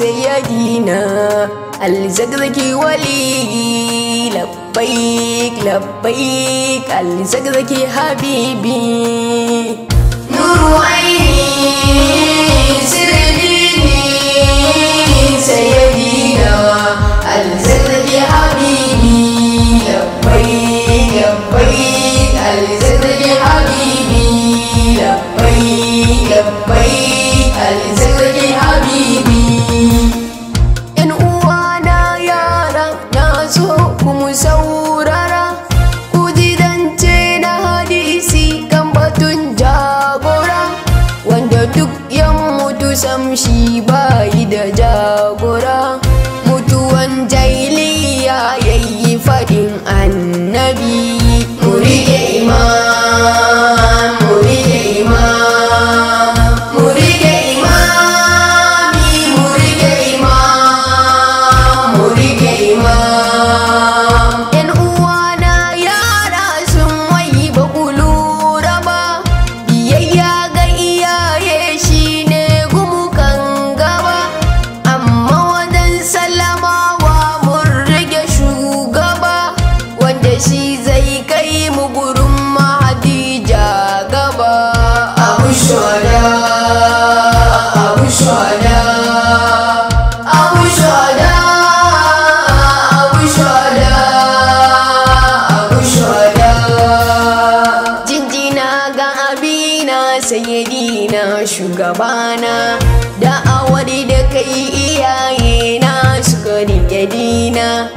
سيدينا الزقزقي ولي لبيك لبيك الزقزقي حبيبي نور عيني Yeah. ديني سيدينا الزقزقي حبيبي لبيك لبيك sayyidina shugabana da'awar da kai iyayena suka rike dina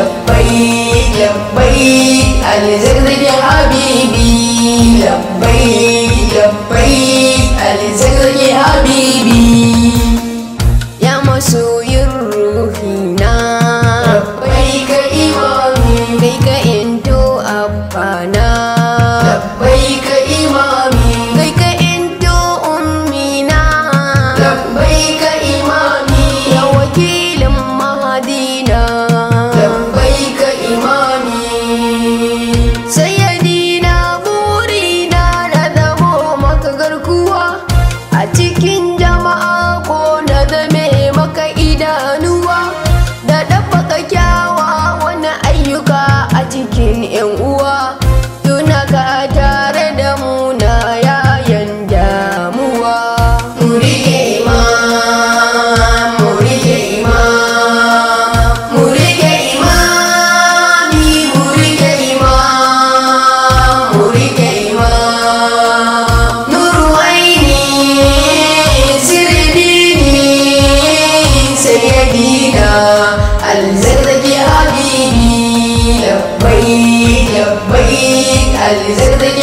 labbaik labbaik alzikr habibi labbaik a cikin jama'a ko na zame maka idanuwa da ɗabbaka kyawa wani ayyuka a cikin 'yan uwa tuna ka tare da muna yayan damuwa baik Alizardin